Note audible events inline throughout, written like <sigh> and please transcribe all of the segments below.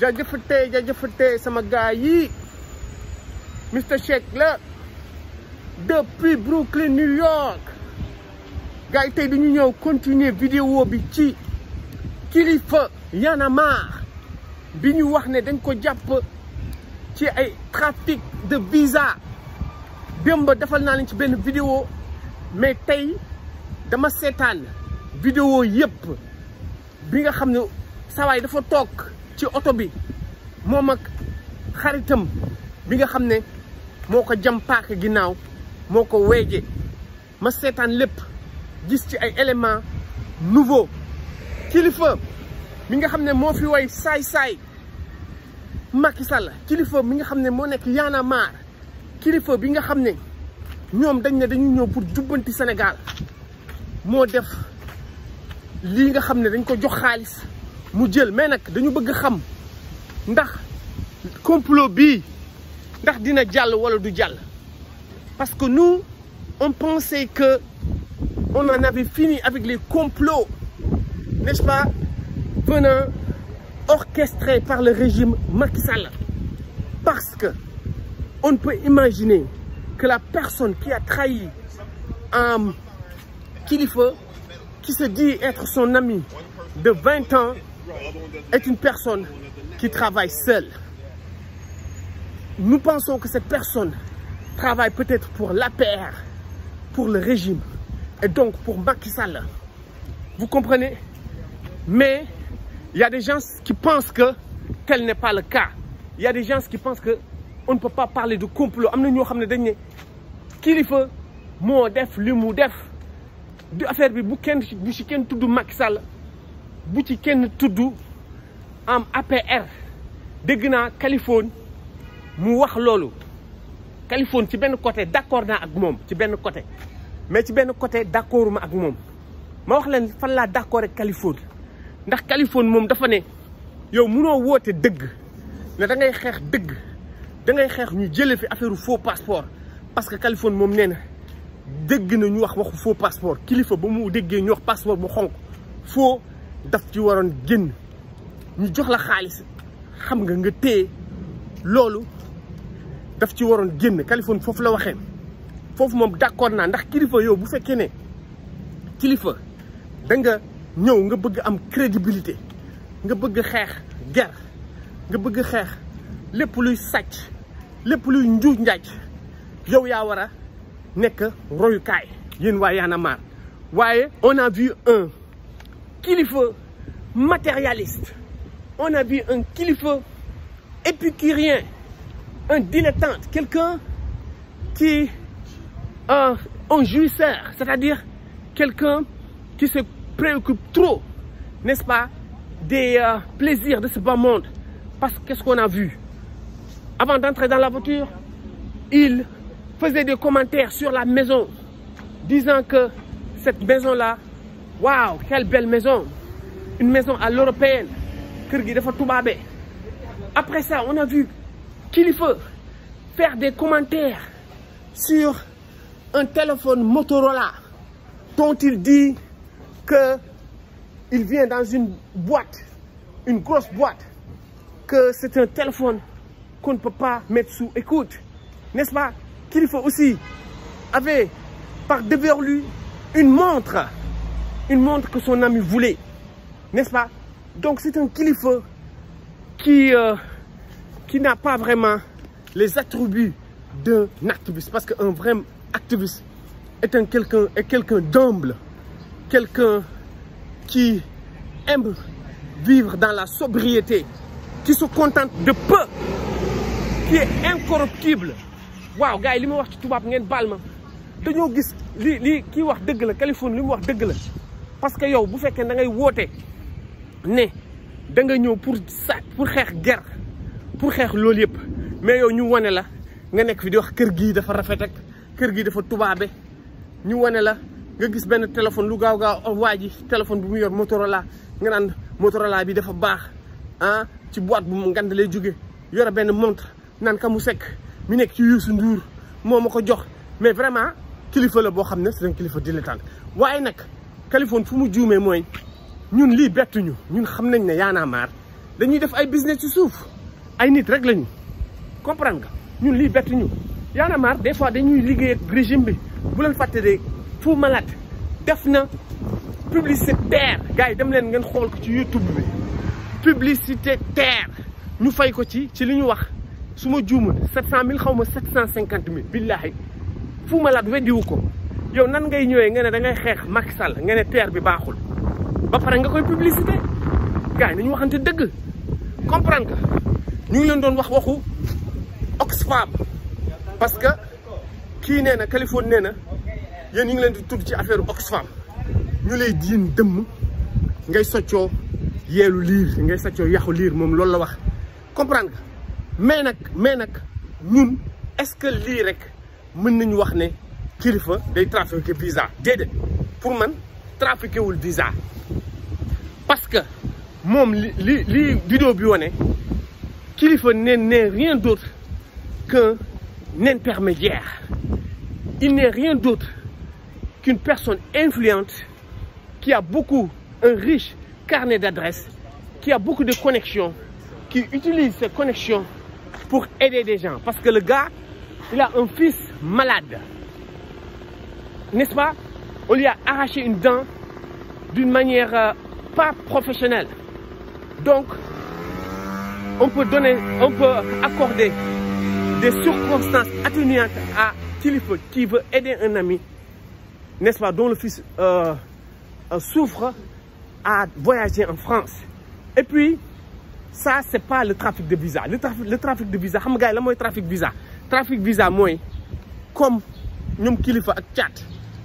jaajëfatee jaajëfatee sama gars yi Mister Shake la depuis Brooklyn New York gars yi tey dañu ñëw continuer vidéo bi ci kilifa Y'en bi ñu wax ne dañ ko jàpp ci ay trafic de visa démb defal naa leen ci benn vidéo mais tey dama seetaan vidéo yëpp bi nga xam ne sawaay dafa toog ci oto bi moom ak xaritam bi nga xam ne moo ko jam paaka ginnaaw moo ko weeje ma seetaan lépp gis ci ay éléments nouveau kilifa mi nga xam ne moo fi way saay-saay Macky Sall kilifa bi nga xam ne moo nekk Y'en kilifa bi nga xam ne ñoom dañ ne dañu ñëw pour jubbanti Sénégal moo def lii nga xam ne dañ ko jox xaalis mu jël mais nous dañu bëgg xam complot bi ndax dina parce que nous on pensait que on en avait fini avec les complots n'est-ce pas venant orchestrés par le régime Macky Sall parce que on peut imaginer que la personne qui a trahi un qui se dit être son ami de 20 ans est une personne qui travaille seule. Nous pensons que cette personne travaille peut-être pour la l'APR, pour le régime, et donc pour Macky Sall. Vous comprenez Mais il y a des gens qui pensent que tel n'est pas le cas. Il y a des gens qui pensent que on ne peut pas parler de complot. Nous def du affaire bu ci kenn tudd am APR dégg naa Californie mu wax loolu Californie ci benn côté d'accord naa ak moom ci benn côté mais ci benn côté d'accord ma ak moom ma wax leen fan laa d'accord ak Californie ndax Californie moom dafa ne yow munoo woote dëgg ne da ngay xeex dëgg dangay xeex ñu jëlee fi affaire faux passeport parce que Californie moom nee na dégg na ñu wax waxu faux passeport kilifa ba mu déggee ñu wax passeport bu xonq faux daf ci waroon génn ñu jox la xaalis xam nga nga téye loolu daf ci waroon génn Kaliphone foofu la waxee foofu moom d'accord naa ndax kilifa yow bu fekkee ne kilifa da nga ñëw nga bëgg am crédibilité nga bëgg xeex ger nga bëgg xeex lépp luy sàcc lépp luy njuuj njaaj yow yaa war a nekk royukaay yéen waa Y'en waaye on a un faut, matérialiste. On a vu un qui épicurien, un dilettante, quelqu'un qui en un jouisseur, c'est-à-dire quelqu'un qui se préoccupe trop, n'est-ce pas, des euh, plaisirs de ce bas monde. Parce qu'est-ce qu'on a vu Avant d'entrer dans la voiture, il faisait des commentaires sur la maison, disant que cette maison-là Wow quelle belle maison une maison à l'européenne après ça on a vu qu'il faut faire des commentaires sur un téléphone Motorola dont il dit que il vient dans une boîte une grosse boîte que c'est un téléphone qu'on ne peut pas mettre sous écoute n'est-ce pas qu'il faut aussi avait par déverlu une montre une montre que son ami voulait. N'est-ce pas Donc c'est un kilifa qui, euh, qui n'a pas vraiment les attributs d'un activiste. Parce qu'un vrai activiste est un quelqu'un quelqu'un d'humble, quelqu'un qui aime vivre dans la sobriété, qui se contente de peu, qui est incorruptible. Waouh, gars il ma wax ci parce que yow bu fekkee da ngay woté ne da nga ñëw pour pour xex guerre pour xex lool yépp mais yow ñu wane la nga nek fi di wax kër gi dafa rafet ak kër gi dafa tubaabe ñu wane la nga gis ben téléphone lu gaaw gaaw waaji téléphone bu mu yor Motorola nga nan Motorola bi dafa baax ah ci boîte bu mu ngand lay jóge yor ben montre nan ka mu sekk mi nek ci Youssou Ndour momako jox mais vraiment kilifa la bo xam c'est un kilifa dilettante waye nak Kaliphone fumu mu moy ñun li bettu ñu ñun xamnañ né ne mar, dañuy def ay business ci suuf ay nit rek lañu comprendre nga ñun bettu ñu des fois dañuy liggéey ak régime bi bu len faté pas, Fou Malade def publicitaire gars dem len ngeen ci YouTube bi terre, ñu fay ko ci ci liñu wax suma 700000 xawma 750000 billahi Fou Malade yow nan ngay ñëwee nga ne da ngay xeex Macky Sall nga ne terre bi baaxul ba pare nga koy publicité gars yi nañu waxante dëgg comprendre nga ñu ngi leen doon wax waxu Oxfam parce que kii nee na Californie nee na yéen ñu ngi leen di tudd ci affaire Oxfam ñu lay jiin dëmm ngay soccoo yeelu liir ngay soccoo yaxu liir moom loolu la wax comprendre nga mais nag mais nag ñun est-ce que lii rek mën nañu wax ne kilifa day trafiqué visa pour man trafiqué le visa parce que moi, li li vidéo bi woné n'est rien d'autre qu'un intermédiaire il n'est rien d'autre qu'une personne influente qui a beaucoup un riche carnet d'adresses qui a beaucoup de connexions qui utilise ses connexions pour aider des gens parce que le gars il a un fils malade n'est-ce pas On lui a arraché une dent d'une manière euh, pas professionnelle. Donc, on peut donner, on peut accorder des circonstances atténuantes à Tilifo qui veut aider un ami, n'est-ce pas, dont le fils euh, euh, souffre à voyager en France. Et puis, ça, c'est pas le trafic de visa. Le trafic, de visa, le trafic de visa. Le trafic de visa, moi, comme nous, Kilifa, chat.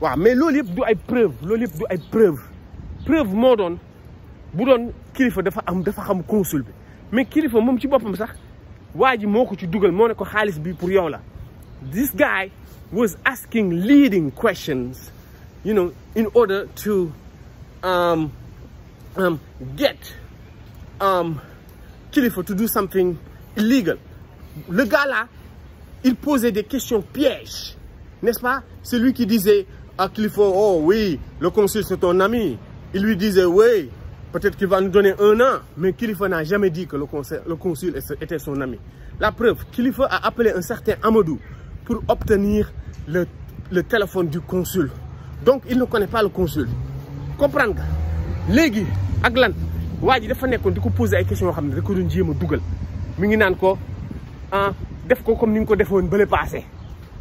waaw mais loolu yëpp du ay preuve loolu yëpp du ay preuve preuve moo doon bu doon kilifa dafa am dafa xam consul bi mais kilifa moom ci boppam sax waa ji moo ko ci dugal moo ne ko xaalis bi pour yow la this guy was asking leading questions you know in order to um, um, get um, kilifa to do something illegal le gars là il posait des questions pièges n'est-ce pas celui qui disait à Kilifo, oh oui, le consul c'est ton ami. Il lui disait, oui, peut-être qu'il va nous donner un an. Mais Kilifo n'a jamais dit que le consul, le consul était son ami. La preuve, Kilifo a appelé un certain Amadou pour obtenir le, le téléphone du consul. Donc, il ne connaît pas le consul. comprends-tu Légui, Aglan, Wadi, il faut qu'on pose des questions. Il faut qu'on Google, il faut qu'on dise, il faut qu'on dise, il faut qu'on passé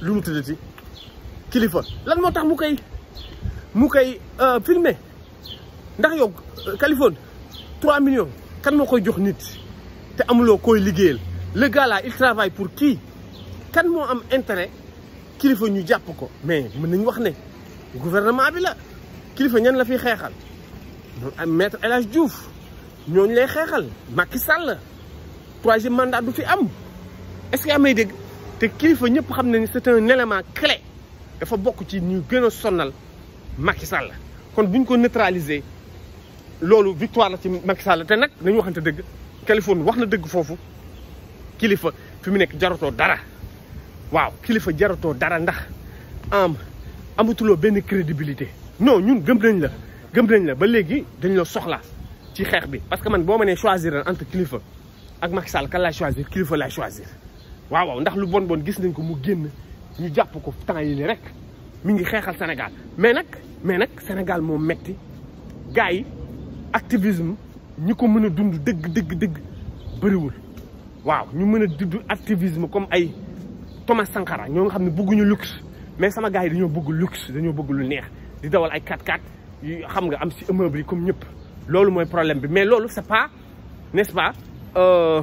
lu mu tuddati kilifa lan euh, filmer ndax yow 3 euh, millions kan mo koy jox nit té amulo koy le gars il travaille pour qui kan mo am intérêt kilifa ñu japp ko mais gouvernement bi la ñan la maître Diouf lay troisième mandat du am est-ce que amay te kilifa ñep xam ne c'est un élément clé dafa bokku ci ñu gëna a sonnal Macky Sall kon buñ ko neutraliser lolu victoire la ci Macky Sall té nak dañu waxante deug Californie waxna deug fofu kilifa fi mu nekk jaratoo dara waaw kilifa jaroto dara ndax am amutulo ben crédibilité non ñun gëm nañ la gëm nañ la ba légui dañ la soxla ci xex bi parce que man boma né choisir entre kilifa ak Macky Sall kan la choisir kilifa la choisir waaw waaw ndax lu bon bon gis nañ ko mu génn ñu jàpp ko temps yi nii rek mu ngi xeexal Sénégal mais nag mais nag Sénégal moo metti gars yi activisme ñi ko mën a dund dëgg dëgg dëgg bëriwul waaw ñu mën a dund activisme comme ay Thomas Sankara ñoo nga xam ne bëgguñu luxe mais sama gars yi dañoo bëgg luxe dañoo bëgg lu neex di dawal ay 4x4 yu xam nga am si immeuble yi comme ñëpp loolu mooy problème bi mais loolu c'est pas n'est-ce pas euh,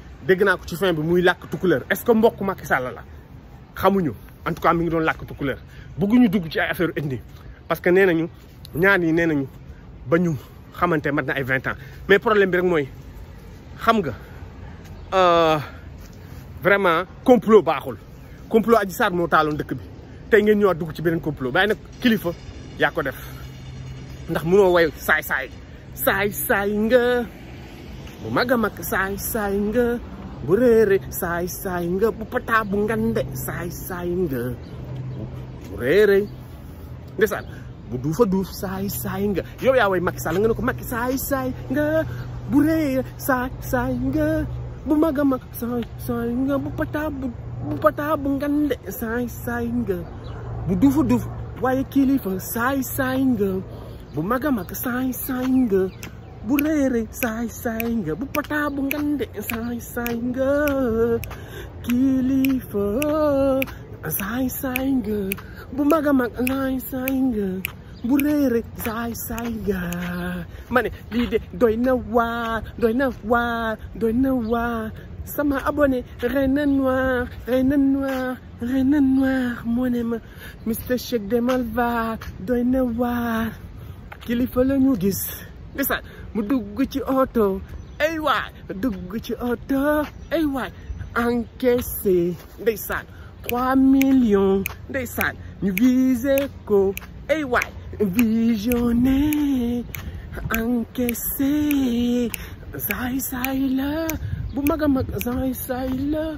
dégg naa ko ci fin bi muy làkk couleur. est-ce que mbokk Macky Sall la xamuñu en tout cas mi ngi doon làkk tukkuleur bëgguñu dugg ci ay affaire indi parce que nee nañu ñaan yi nee nañu ba na ay ans mais problème bi rek mooy xam nga euh, vraiment complot baaxul complot Sarr moo taaloon dëkk bi tey ngeen ñëwaat dugg ci complot nag kilifa yaa def ndax mënoo way saay saay saay saay bu réere saay saay nga bu pataa bu ngande saay saay nga bu réere ndeysaan bu duufa duuf saay saay nga yow yaa way ko Macky saay saay nga bu réere saay saay nga bu mag a mag saay saay nga bu pataa bu bu pataa bu ngande saay saay nga bu duufa duuf waaye kilifa saay saay nga bu mag a mag saay saay nga bu rëy rëy saay saay nga bu pataa bu ngande saay saay nga kilifa saay saay nga bu mag saay saay nga bu rëy saay saay nga ma lii de doy na waar doy na waar doy na waar sama abonné Reine Noire Reine Noire Reine Noire moo ne ma Mister demal vaar doy na waar kilifa la ñu gis ndeysaan một đùng cái chữ ô tô ấy hoài đùng cái chữ ô tô ấy hoài ăn kê xì đây sản qua million đây sản như vise cô ấy hoài visione ăn kê xì dài dài lơ bu maga mặc dài dài lơ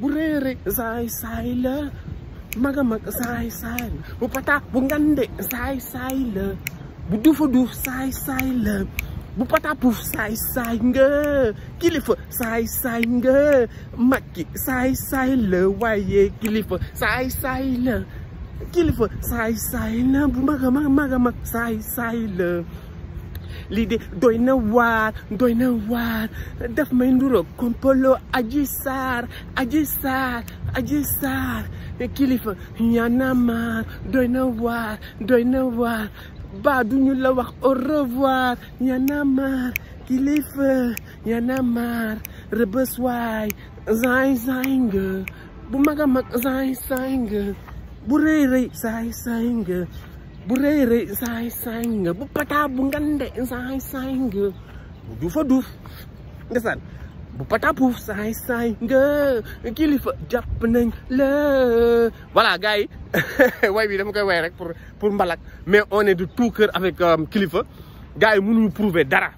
bu rê rê dài dài lơ maga mặc dài dài bu pata bu ngăn đệ dài dài bu du phu du sai sai lơ bu patapouf saay saay nga kilifa saay saay nga Macky saay saay la waaye kilifa saay saay la kilifa saay saay la bu mag a saay saay la lii de doy na waar doy na waar daf may nduroog kompolo aji saar aji saar aji saar kilifa yaa na maar doy na waar doy na waar ba duñu la wax au revoir y'en a marre kilifa y'en a marre rëbës nga bu mag a mag nga bu rëy rëy saay saay nga bu rëy rëy saay saay nga bu pataa ngande saay saay nga bu duufa duuf ça voilà gars <laughs> pour mais on est de tout cœur avec euh, kilifa gars yi nous prouver dara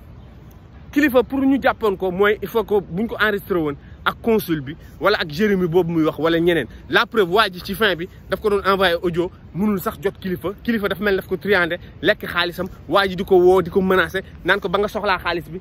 kilifa pour nous jàppoon ko il faut que buñ ko enregistré consul bi wala ak Jérémy bobu muy wax wala la preuve waji ci fin bi daf ko envoyé audio mënul sax jot kilifa kilifa daf mel daf ko triandé ko ba nga bi